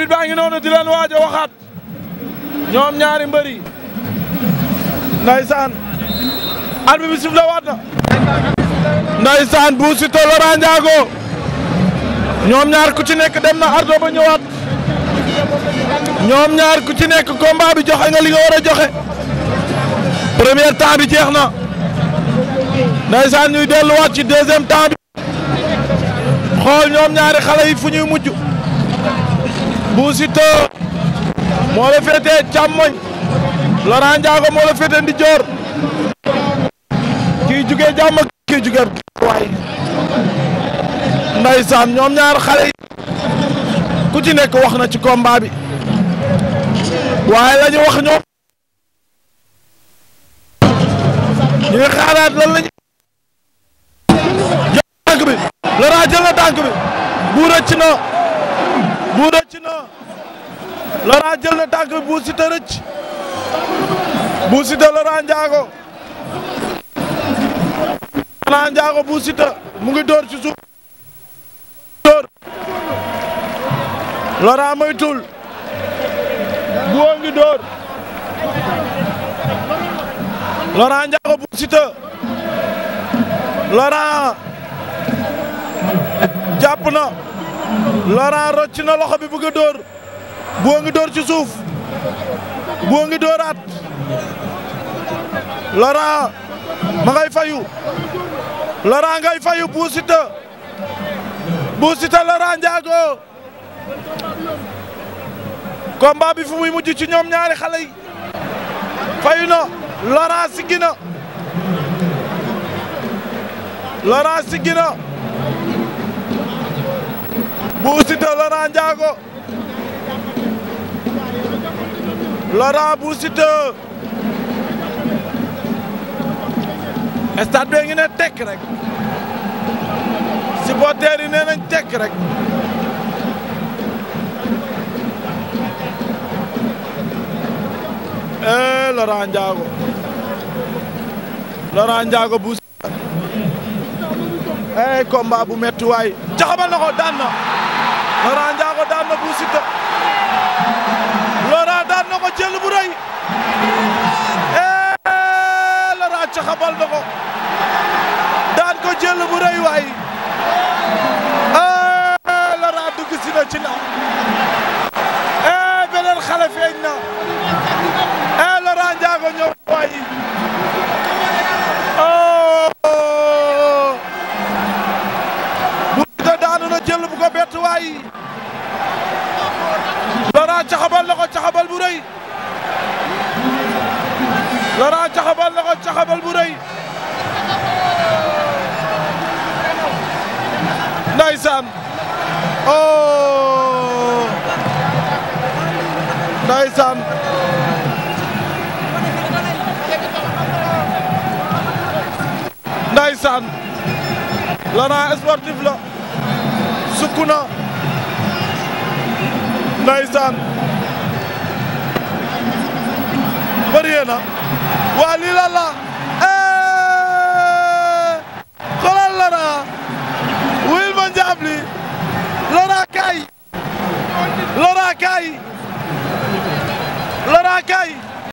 arbitre baa ngi noonu di leen waaj waxaat ñoom ñaari mbëri ndaysaan arbitre bi sifle waat na ndaysaan Bou Siteu Laurent ñoom ñaar ku ci nekk dem na ardo ba ñëwaat ñoom ñaar ku ci nekk combat bi joxe nga li war a joxe premier temps jeex na ndaysaan ñuy delluwaat ci deuxième temps xool ñoom ñaari xale fu ñuy mujj Bou Siteu moo la féetee càmmoñ Laurent Ndiago moo la féetee ndijoor kii jugee jàmm kii jugee waay ndeysaan ñoom ñaar xale yi ku ci nekk wax na ci combat bi waaye la wax ñoom ñu ngi xaaraat lan la ñu jël bi Laurent jël na tànk bi bu rëcc na bu rëcc na Laurent jël na tànk bi Bou Siteu rëcc Bou Siteu Laurent Ndiago Laurent mu ngi dóor ci suuf dóor Laurent moytul Bou ngi dóor Laurent Ndiago Bou Siteu Laurent jàpp na Laurent rocc na loxo bi bëgg a dóor boo ngi dóor ci suuf boo ngi dóoraat Laurent ma ngay fayu Laurent ngay fayu Bou Siteu Bou Siteu Laurent Ndiago combat bi fu muy mujj ci ñoom ñaari xale yi fayu na Laurent siggi na Laurent siggi Bou Siteu Laurent Ndiago Laurent Bou Siteu stade bi ngi ne tekk rek supporters yi nee nañ tekk rek eh Laurent Ndiago Laurent Ndiago eh, bu metti waay jaxabal na daan na Laurent Ndiago daan na Bou Siteu Laurent daan na ko jël bu rëy eh Laurent caxabal na ko daan ko jël bu rëy waay eh Laurent dugg si na Laurent caxabal na ko caxabal bu rëy Laurent caxabal na ko caxabal bu rëy ndaysaan oh ndaysaan ndaysaan Laurent sportif la sukk na ndeysaan bëriyee na waa lii lan la eh! xoolal Lora wil ma njaabli Lora kaay Lora kaay Lora